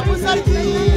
I'm sorry.